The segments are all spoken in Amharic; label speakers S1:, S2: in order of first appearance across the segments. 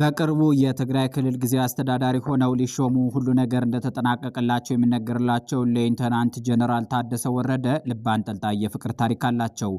S1: በቅርቡ የትግራይ ክልል ጊዜያዊ አስተዳዳሪ ሆነው ሊሾሙ ሁሉ ነገር እንደተጠናቀቀላቸው የሚነገርላቸው ሌንተናንት ጀነራል ታደሰ ወረደ ልብ አንጠልጣይ የፍቅር ታሪክ አላቸው።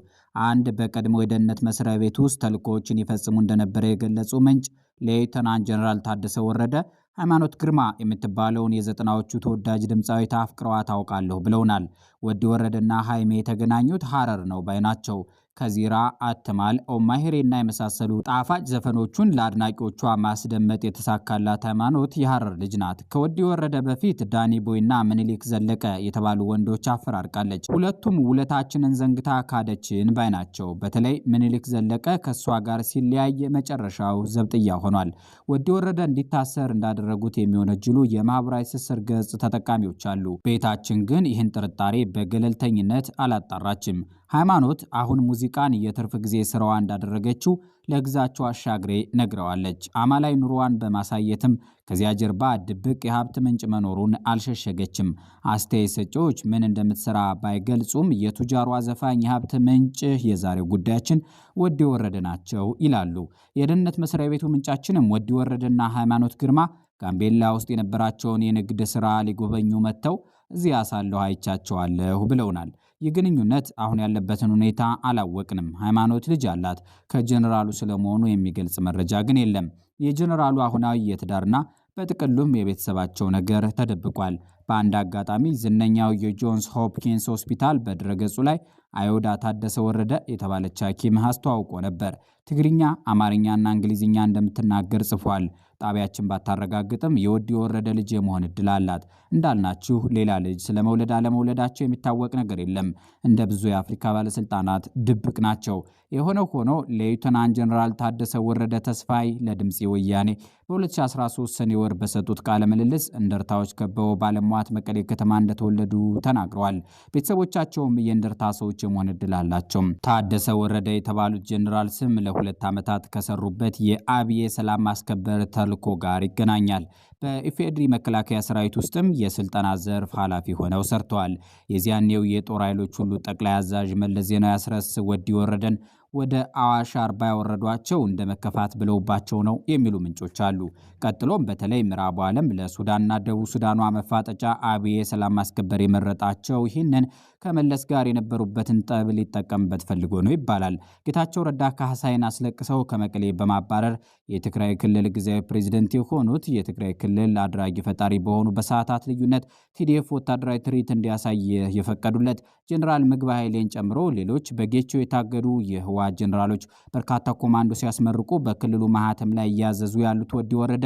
S1: አንድ በቀድሞ የደህንነት መስሪያ ቤት ውስጥ ተልእኮዎችን ይፈጽሙ እንደነበረ የገለጹ ምንጭ ሌተናንት ጀነራል ታደሰ ወረደ ሃይማኖት ግርማ የምትባለውን የዘጠናዎቹ ተወዳጅ ድምፃዊ ታፍቅረዋ ታውቃለሁ ብለውናል። ወዲ ወረደና ሃይሜ የተገናኙት ሐረር ነው ባይ ናቸው። ከዚራ አትማል፣ ኦማሄሬና የመሳሰሉ ጣፋጭ ዘፈኖቹን ለአድናቂዎቿ ማስደመጥ የተሳካላት ሃይማኖት የሐረር ልጅ ናት። ከወዲ ወረደ በፊት ዳኒ ቦይና ምኒልክ ዘለቀ የተባሉ ወንዶች አፈራርቃለች። ሁለቱም ውለታችንን ዘንግታ ካደችን ባይ ናቸው። በተለይ ምኒልክ ዘለቀ ከእሷ ጋር ሲለያየ መጨረሻው ዘብጥያ ሆኗል። ሆኗል። ወዲ ወረደ እንዲታሰር እንዳደረጉት የሚወነጅሉ የማህበራዊ ትስስር ገጽ ተጠቃሚዎች አሉ። ቤታችን ግን ይህን ጥርጣሬ በገለልተኝነት አላጣራችም። ሃይማኖት አሁን ሙዚቃን የትርፍ ጊዜ ስራዋ እንዳደረገችው ለግዛቸው አሻግሬ ነግረዋለች። አማላይ ኑሮዋን በማሳየትም ከዚያ ጀርባ ድብቅ የሀብት ምንጭ መኖሩን አልሸሸገችም። አስተያየት ሰጪዎች ምን እንደምትሰራ ባይገልጹም የቱጃሯ ዘፋኝ የሀብት ምንጭ የዛሬው ጉዳያችን ወዲ ወረደ ናቸው ይላሉ። የደህንነት መስሪያ ቤቱ ምንጫችንም ወዲ ወረደና ሃይማኖት ግርማ ጋምቤላ ውስጥ የነበራቸውን የንግድ ስራ ሊጎበኙ መጥተው እዚያ ሳለሁ አይቻቸዋለሁ ብለውናል። የግንኙነት አሁን ያለበትን ሁኔታ አላወቅንም። ሃይማኖት ልጅ አላት። ከጀኔራሉ ስለመሆኑ የሚገልጽ መረጃ ግን የለም። የጀኔራሉ አሁናዊ የትዳርና በጥቅሉም የቤተሰባቸው ነገር ተደብቋል። በአንድ አጋጣሚ ዝነኛው የጆንስ ሆፕኪንስ ሆስፒታል በድረገጹ ላይ አዮዳ ታደሰ ወረደ የተባለች ሐኪም አስተዋውቆ ነበር። ትግርኛ፣ አማርኛና እንግሊዝኛ እንደምትናገር ጽፏል። ጣቢያችን ባታረጋግጥም የወድ የወረደ ልጅ የመሆን እድል አላት። እንዳልናችሁ ሌላ ልጅ ስለ መውለድ አለመውለዳቸው የሚታወቅ ነገር የለም። እንደ ብዙ የአፍሪካ ባለስልጣናት ድብቅ ናቸው። የሆነው ሆኖ ሌተናንት ጀኔራል ታደሰ ወረደ ተስፋይ ለድምፄ ወያኔ በ2013 ሰኔ ወር በሰጡት ቃለ ምልልስ እንደርታዎች ከበው ባለሟት መቀሌ ከተማ እንደተወለዱ ተናግረዋል። ቤተሰቦቻቸውም የእንደርታ ሰዎች የመሆን እድል አላቸው። ታደሰ ወረደ የተባሉት ጀኔራል ስም ለሁለት ዓመታት ከሰሩበት የአብዬ ሰላም ማስከበር ተልኮ ጋር ይገናኛል። በኢፌድሪ መከላከያ ሰራዊት ውስጥም የስልጠና ዘርፍ ኃላፊ ሆነው ሰርተዋል። የዚያኔው የጦር ኃይሎች ሁሉ ጠቅላይ አዛዥ መለስ ዜናዊ አስረስ ወዲ ወረደን ወደ አዋሽ አርባ ያወረዷቸው እንደ መከፋት ብለውባቸው ነው የሚሉ ምንጮች አሉ። ቀጥሎም በተለይ ምዕራቡ ዓለም ለሱዳንና ደቡብ ሱዳኗ መፋጠጫ አብዬ ሰላም ማስከበር የመረጣቸው ይህንን ከመለስ ጋር የነበሩበትን ጠብ ሊጠቀምበት ፈልጎ ነው ይባላል። ጌታቸው ረዳ ካህሳይን አስለቅሰው ከመቀሌ በማባረር የትግራይ ክልል ጊዜያዊ ፕሬዚደንት የሆኑት የትግራይ ክልል አድራጊ ፈጣሪ በሆኑ በሰዓታት ልዩነት ቲዲኤፍ ወታደራዊ ትርኢት እንዲያሳይ የፈቀዱለት ጀኔራል ምግባ ኃይሌን ጨምሮ ሌሎች በጌቾ የታገዱ የህዋ የህወሓት ጀኔራሎች በርካታ ኮማንዶ ሲያስመርቁ በክልሉ ማህተም ላይ እያዘዙ ያሉት ወዲ ወረደ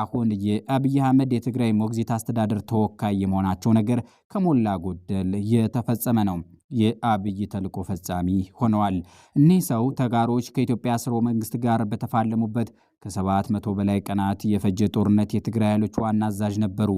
S1: አሁን የአብይ አህመድ የትግራይ ሞግዚት አስተዳደር ተወካይ የመሆናቸው ነገር ከሞላ ጎደል የተፈጸመ ነው። የአብይ ተልዕኮ ፈጻሚ ሆነዋል። እኒህ ሰው ተጋሮች ከኢትዮጵያ ስርወ መንግስት ጋር በተፋለሙበት ከሰባት መቶ በላይ ቀናት የፈጀ ጦርነት የትግራይ ኃይሎች ዋና አዛዥ ነበሩ።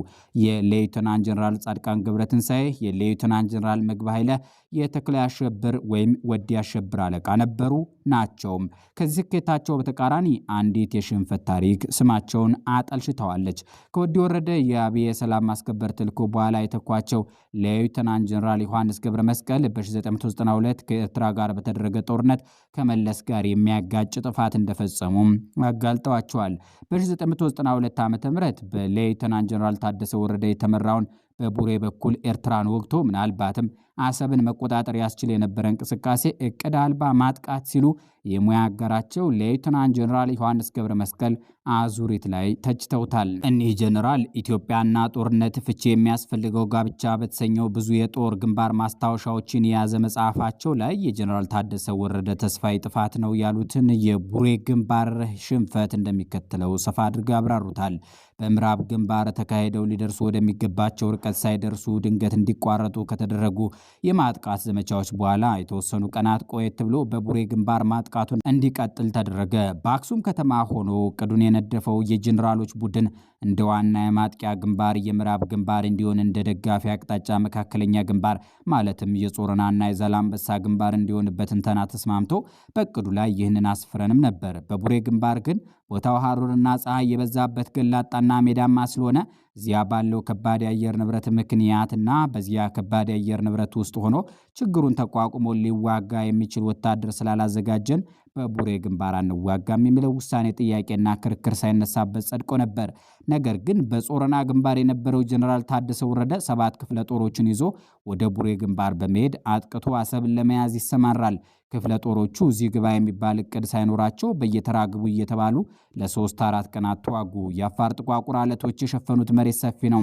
S1: የሌዩተናንት ጀኔራል ጻድቃን ገብረትንሳኤ፣ የሌዩተናንት ጀኔራል ምግብ ኃይለ የተክላይ አሸብር ወይም ወዲ አሸብር አለቃ ነበሩ ናቸውም። ከዚህ ስኬታቸው በተቃራኒ አንዲት የሽንፈት ታሪክ ስማቸውን አጠልሽተዋለች። ከወዲ ወረደ የአብየ ሰላም ማስከበር ተልዕኮ በኋላ የተኳቸው ሌዩተናንት ጀኔራል ዮሐንስ ገብረ መስቀል በ1992 ከኤርትራ ጋር በተደረገ ጦርነት ከመለስ ጋር የሚያጋጭ ጥፋት እንደፈጸሙም አጋል አጋልጠዋቸዋል። በ1992 ዓ ም በሌተናንት ጀነራል ታደሰ ወረደ የተመራውን በቡሬ በኩል ኤርትራን ወግቶ ምናልባትም አሰብን መቆጣጠር ያስችል የነበረ እንቅስቃሴ እቅድ አልባ ማጥቃት ሲሉ የሙያ አጋራቸው ሌተናንት ጀኔራል ዮሐንስ ገብረ መስቀል አዙሪት ላይ ተችተውታል። እኒህ ጀኔራል ኢትዮጵያና ጦርነት ፍቺ የሚያስፈልገው ጋብቻ በተሰኘው ብዙ የጦር ግንባር ማስታወሻዎችን የያዘ መጽሐፋቸው ላይ የጀኔራል ታደሰ ወረደ ተስፋይ ጥፋት ነው ያሉትን የቡሬ ግንባር ሽንፈት እንደሚከተለው ሰፋ አድርገው ያብራሩታል። በምዕራብ ግንባር ተካሄደው ሊደርሱ ወደሚገባቸው ርቀት ሳይደርሱ ድንገት እንዲቋረጡ ከተደረጉ የማጥቃት ዘመቻዎች በኋላ የተወሰኑ ቀናት ቆየት ብሎ በቡሬ ግንባር ማጥቃቱን እንዲቀጥል ተደረገ። በአክሱም ከተማ ሆኖ እቅዱን የነደፈው የጄኔራሎች ቡድን እንደ ዋና የማጥቂያ ግንባር የምዕራብ ግንባር እንዲሆን እንደ ደጋፊ አቅጣጫ መካከለኛ ግንባር ማለትም የጾረናና የዛላምበሳ ግንባር እንዲሆንበት ትንተና ተስማምቶ በእቅዱ ላይ ይህንን አስፍረንም ነበር። በቡሬ ግንባር ግን ቦታው ሐሩርና ፀሐይ የበዛበት ገላጣና ሜዳማ ስለሆነ እዚያ ባለው ከባድ የአየር ንብረት ምክንያትና በዚያ ከባድ የአየር ንብረት ውስጥ ሆኖ ችግሩን ተቋቁሞ ሊዋጋ የሚችል ወታደር ስላላዘጋጀን በቡሬ ግንባር አንዋጋም የሚለው ውሳኔ ጥያቄና ክርክር ሳይነሳበት ጸድቆ ነበር። ነገር ግን በጾረና ግንባር የነበረው ጀኔራል ታደሰ ወረደ ሰባት ክፍለ ጦሮችን ይዞ ወደ ቡሬ ግንባር በመሄድ አጥቅቶ አሰብን ለመያዝ ይሰማራል። ክፍለ ጦሮቹ እዚህ ግባ የሚባል እቅድ ሳይኖራቸው በየተራ ግቡ እየተባሉ ለሶስት አራት ቀናት ተዋጉ። የአፋር ጥቋቁር አለቶች የሸፈኑት መሬት ሰፊ ነው።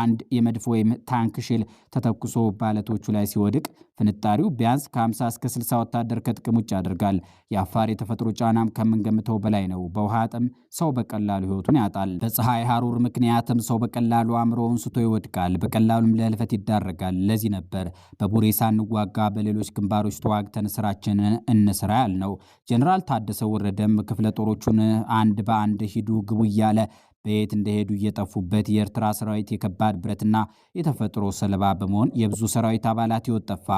S1: አንድ የመድፍ ወይም ታንክ ሼል ተተኩሶ በአለቶቹ ላይ ሲወድቅ ፍንጣሪው ቢያንስ ከ50 እስከ 60 ወታደር ከጥቅም ውጭ ያደርጋል። የአፋር የተፈጥሮ ጫናም ከምንገምተው በላይ ነው። በውሃ ጥም ሰው በቀላሉ ህይወቱን ያጣል። በፀሐይ ሐሩር ምክንያትም ሰው በቀላሉ አእምሮውን ስቶ ይወድቃል። በቀላሉም ለህልፈት ይዳረጋል። ለዚህ ነበር በቡሬ ሳንዋጋ በሌሎች ግንባሮች ተዋግተን ስራችን ይህን እንስራ ነው። ጀኔራል ታደሰ ወረደም ክፍለ ጦሮቹን አንድ በአንድ ሂዱ ግቡ እያለ በየት እንደሄዱ እየጠፉበት የኤርትራ ሰራዊት የከባድ ብረትና የተፈጥሮ ሰለባ በመሆን የብዙ ሰራዊት አባላት ሕይወት ጠፋ።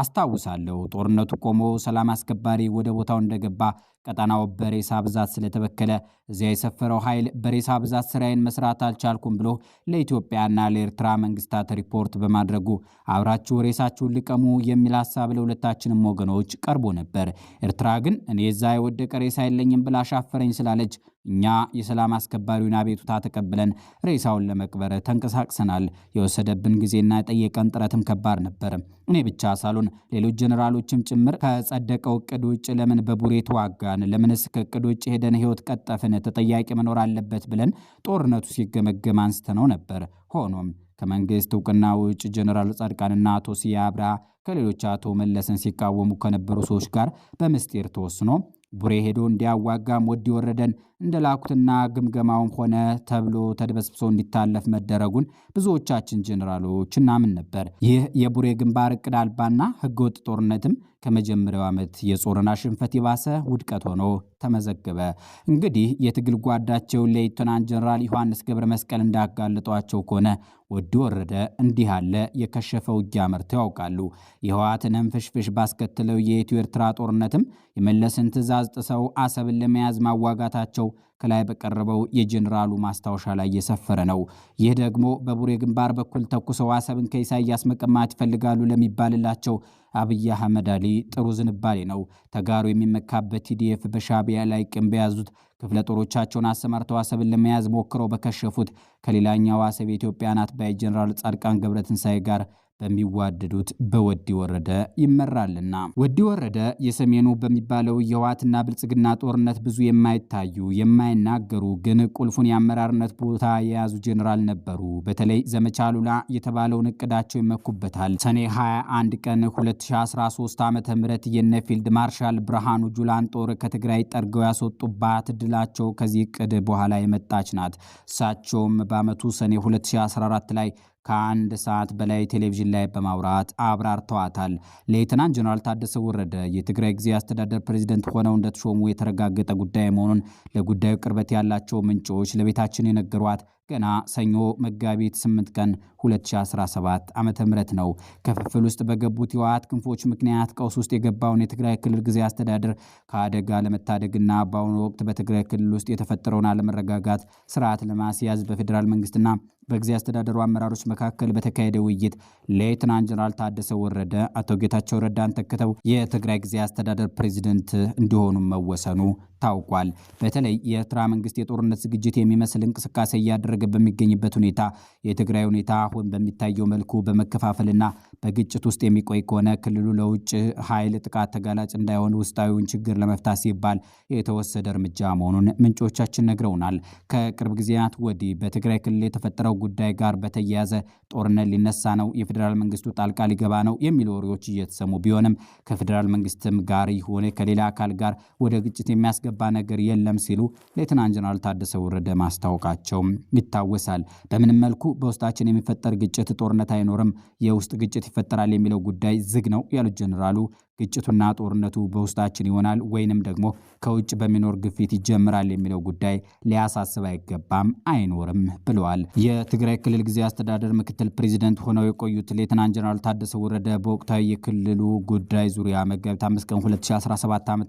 S1: አስታውሳለሁ ጦርነቱ ቆሞ ሰላም አስከባሪ ወደ ቦታው እንደገባ ቀጠናው በሬሳ ብዛት ስለተበከለ እዚያ የሰፈረው ኃይል በሬሳ ብዛት ስራዬን መስራት አልቻልኩም ብሎ ለኢትዮጵያና ለኤርትራ መንግስታት ሪፖርት በማድረጉ አብራችሁ ሬሳችሁን ልቀሙ የሚል ሀሳብ ለሁለታችንም ወገኖች ቀርቦ ነበር። ኤርትራ ግን እኔ እዛ የወደቀ ሬሳ የለኝም ብላ ሻፈረኝ ስላለች እኛ የሰላም አስከባሪውን አቤቱታ ተቀብለን ሬሳውን ለመቅበር ተንቀሳቅሰናል። የወሰደብን ጊዜና የጠየቀን ጥረትም ከባድ ነበር። እኔ ብቻ ሳሉን ሌሎች ጀኔራሎችም ጭምር ከጸደቀው እቅድ ውጭ ለምን በቡሬ ተዋጋን? ለምንስ ከእቅድ ውጭ ሄደን ህይወት ቀጠፍን? ተጠያቂ መኖር አለበት ብለን ጦርነቱ ሲገመገም አንስተነው ነበር። ሆኖም ከመንግስት እውቅና ውጭ ጀኔራል ጻድቃንና አቶ ሲያብራ ከሌሎች አቶ መለስን ሲቃወሙ ከነበሩ ሰዎች ጋር በምስጢር ተወስኖ ቡሬ ሄዶ እንዲያዋጋም ወዲ ወረደን እንደላኩትና ግምገማውም ሆነ ተብሎ ተደበስብሶ እንዲታለፍ መደረጉን ብዙዎቻችን ጀኔራሎች እናምን ነበር። ይህ የቡሬ ግንባር እቅድ አልባና ህገወጥ ጦርነትም ከመጀመሪያው ዓመት የጾረና ሽንፈት የባሰ ውድቀት ሆኖ ተመዘገበ። እንግዲህ የትግል ጓዳቸውን ሌተናንት ጀኔራል ዮሐንስ ገብረ መስቀል እንዳጋለጧቸው ከሆነ ወዲ ወረደ እንዲህ ያለ የከሸፈ ውጊያ መርተው ያውቃሉ። የህወሓትን ፍሽፍሽ ባስከትለው የኢትዮ ኤርትራ ጦርነትም የመለስን ትእዛዝ ጥሰው አሰብን ለመያዝ ማዋጋታቸው ያለው ከላይ በቀረበው የጀኔራሉ ማስታወሻ ላይ የሰፈረ ነው። ይህ ደግሞ በቡሬ ግንባር በኩል ተኩሰው አሰብን ከኢሳያስ መቀማት ይፈልጋሉ ለሚባልላቸው አብይ አህመድ አሊ ጥሩ ዝንባሌ ነው። ተጋሩ የሚመካበት ቲዲኤፍ በሻቢያ ላይ ቅም በያዙት ክፍለ ጦሮቻቸውን አሰማርተው አሰብን ለመያዝ ሞክረው በከሸፉት ከሌላኛው አሰብ የኢትዮጵያ ናት ባይ ጀኔራል ጻድቃን ገብረትንሳኤ ጋር በሚዋደዱት በወዲ ወረደ ይመራልና። ወዲ ወረደ የሰሜኑ በሚባለው የህወሓትና ብልጽግና ጦርነት ብዙ የማይታዩ የማይናገሩ ግን ቁልፉን የአመራርነት ቦታ የያዙ ጄኔራል ነበሩ። በተለይ ዘመቻ ሉላ የተባለውን እቅዳቸው ይመኩበታል። ሰኔ 21 ቀን 2013 ዓ ም የነ ፊልድ ማርሻል ብርሃኑ ጁላን ጦር ከትግራይ ጠርገው ያስወጡባት ድላቸው ከዚህ እቅድ በኋላ የመጣች ናት። እሳቸውም በአመቱ ሰኔ 2014 ላይ ከአንድ ሰዓት በላይ ቴሌቪዥን ላይ በማውራት አብራርተዋታል። ሌተናንት ጀነራል ታደሰ ወረደ የትግራይ ጊዜ አስተዳደር ፕሬዚደንት ሆነው እንደተሾሙ የተረጋገጠ ጉዳይ መሆኑን ለጉዳዩ ቅርበት ያላቸው ምንጮች ለቤታችን የነገሯት ገና ሰኞ መጋቢት 8 ቀን 2017 ዓ ም ነው። ክፍፍል ውስጥ በገቡት የህወሓት ክንፎች ምክንያት ቀውስ ውስጥ የገባውን የትግራይ ክልል ጊዜያዊ አስተዳደር ከአደጋ ለመታደግና በአሁኑ ወቅት በትግራይ ክልል ውስጥ የተፈጠረውን አለመረጋጋት ስርዓት ለማስያዝ በፌዴራል መንግስትና በጊዜ አስተዳደሩ አመራሮች መካከል በተካሄደ ውይይት ሌትናንት ጀነራል ታደሰ ወረደ አቶ ጌታቸው ረዳን ተክተው የትግራይ ጊዜ አስተዳደር ፕሬዚደንት እንዲሆኑ መወሰኑ ታውቋል። በተለይ የኤርትራ መንግስት የጦርነት ዝግጅት የሚመስል እንቅስቃሴ እያደረገ እየተደረገ በሚገኝበት ሁኔታ የትግራይ ሁኔታ አሁን በሚታየው መልኩ በመከፋፈልና በግጭት ውስጥ የሚቆይ ከሆነ ክልሉ ለውጭ ኃይል ጥቃት ተጋላጭ እንዳይሆን ውስጣዊውን ችግር ለመፍታት ሲባል የተወሰደ እርምጃ መሆኑን ምንጮቻችን ነግረውናል። ከቅርብ ጊዜያት ወዲህ በትግራይ ክልል የተፈጠረው ጉዳይ ጋር በተያያዘ ጦርነት ሊነሳ ነው፣ የፌዴራል መንግስቱ ጣልቃ ሊገባ ነው የሚሉ ወሬዎች እየተሰሙ ቢሆንም ከፌዴራል መንግስትም ጋር ይሁን ከሌላ አካል ጋር ወደ ግጭት የሚያስገባ ነገር የለም ሲሉ ሌተና ጀነራል ታደሰ ወረደ ማስታወቃቸው ይታወሳል። በምንም መልኩ በውስጣችን የሚፈጠር ግጭት ጦርነት አይኖርም፣ የውስጥ ግጭት ይፈጠራል የሚለው ጉዳይ ዝግ ነው ያሉት ጀኔራሉ ግጭቱና ጦርነቱ በውስጣችን ይሆናል ወይንም ደግሞ ከውጭ በሚኖር ግፊት ይጀምራል የሚለው ጉዳይ ሊያሳስብ አይገባም አይኖርም ብለዋል። የትግራይ ክልል ጊዜ አስተዳደር ምክትል ፕሬዚደንት ሆነው የቆዩት ሌትናንት ጀነራል ታደሰ ወረደ በወቅታዊ የክልሉ ጉዳይ ዙሪያ መጋቢት 5 ቀን 2017 ዓ ም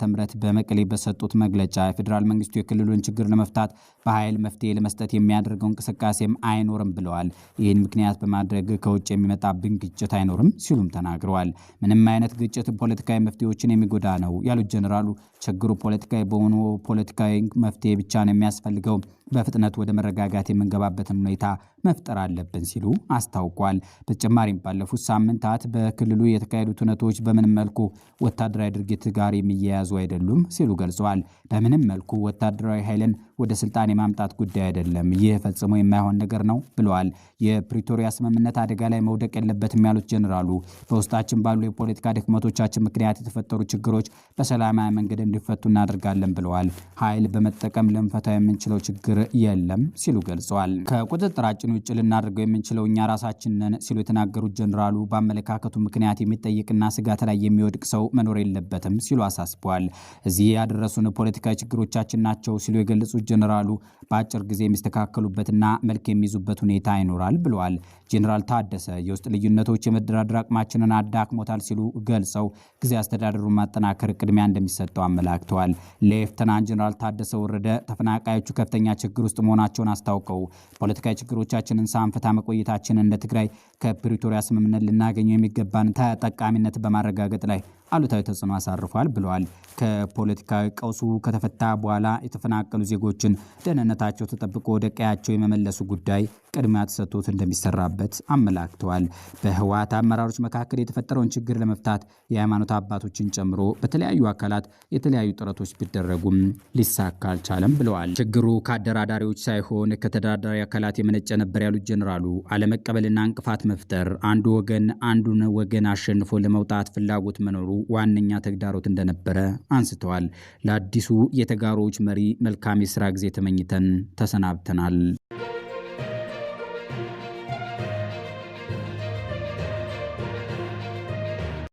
S1: በመቀሌ በሰጡት መግለጫ የፌዴራል መንግስቱ የክልሉን ችግር ለመፍታት በኃይል መፍትሄ ለመስጠት የሚያደርገው እንቅስቃሴም አይኖርም ብለዋል። ይህን ምክንያት በማድረግ ከውጭ የሚመጣብን ግጭት አይኖርም ሲሉም ተናግረዋል። ምንም አይነት ግጭት ፖለቲካዊ መፍትሄዎችን የሚጎዳ ነው ያሉት ጀኔራሉ ችግሩ ፖለቲካዊ በሆኑ ፖለቲካዊ መፍትሄ ብቻ ነው የሚያስፈልገው። በፍጥነት ወደ መረጋጋት የምንገባበትን ሁኔታ መፍጠር አለብን ሲሉ አስታውቋል። በተጨማሪም ባለፉት ሳምንታት በክልሉ የተካሄዱት እውነቶች በምንም መልኩ ወታደራዊ ድርጊት ጋር የሚያያዙ አይደሉም ሲሉ ገልጸዋል። በምንም መልኩ ወታደራዊ ኃይልን ወደ ስልጣን የማምጣት ጉዳይ አይደለም፣ ይህ ፈጽሞ የማይሆን ነገር ነው ብለዋል። የፕሪቶሪያ ስምምነት አደጋ ላይ መውደቅ የለበትም ያሉት ጀኔራሉ በውስጣችን ባሉ የፖለቲካ ድክመቶቻችን ምክንያት የተፈጠሩ ችግሮች በሰላማዊ መንገድ እንዲፈቱ እናደርጋለን ብለዋል። ኃይል በመጠቀም ልንፈታ የምንችለው ችግር የለም ሲሉ ገልጸዋል። ከቁጥጥራችን ውጭ ልናደርገው የምንችለው እኛ ራሳችንን ሲሉ የተናገሩት ጀኔራሉ በአመለካከቱ ምክንያት የሚጠይቅና ስጋት ላይ የሚወድቅ ሰው መኖር የለበትም ሲሉ አሳስበዋል። እዚህ ያደረሱን ፖለቲካዊ ችግሮቻችን ናቸው ሲሉ የገለጹት ጀኔራሉ በአጭር ጊዜ የሚስተካከሉበትና መልክ የሚይዙበት ሁኔታ ይኖራል ብለዋል። ጀኔራል ታደሰ የውስጥ ልዩነቶች የመደራደር አቅማችንን አዳክሞታል ሲሉ ገልጸው ጊዜ አስተዳደሩን ማጠናከር ቅድሚያ እንደሚሰጠው አመላክተዋል። ሌፍተናንት ጀኔራል ታደሰ ወረደ ተፈናቃዮቹ ከፍተኛ ችግር ውስጥ መሆናቸውን አስታውቀው ፖለቲካዊ ችግሮቻችንን ሳንፈታ መቆየታችንን እንደ ትግራይ ከፕሪቶሪያ ስምምነት ልናገኘው የሚገባን ተጠቃሚነት በማረጋገጥ ላይ አሉታዊ ተጽዕኖ አሳርፏል ብለዋል። ከፖለቲካዊ ቀውሱ ከተፈታ በኋላ የተፈናቀሉ ዜጎችን ደህንነታቸው ተጠብቆ ወደ ቀያቸው የመመለሱ ጉዳይ ቅድሚያ ተሰጥቶት እንደሚሰራበት አመላክተዋል። በህወሓት አመራሮች መካከል የተፈጠረውን ችግር ለመፍታት የሃይማኖት አባቶችን ጨምሮ በተለያዩ አካላት የተለያዩ ጥረቶች ቢደረጉም ሊሳካ አልቻለም ብለዋል። ችግሩ ከአደራዳሪዎች ሳይሆን ከተደራዳሪ አካላት የመነጨ ነበር ያሉት ጀኔራሉ አለመቀበልና እንቅፋት መፍጠር አንዱ ወገን አንዱን ወገን አሸንፎ ለመውጣት ፍላጎት መኖሩ ዋነኛ ተግዳሮት እንደነበረ አንስተዋል። ለአዲሱ የተጋሮዎች መሪ መልካም የስራ ጊዜ ተመኝተን ተሰናብተናል።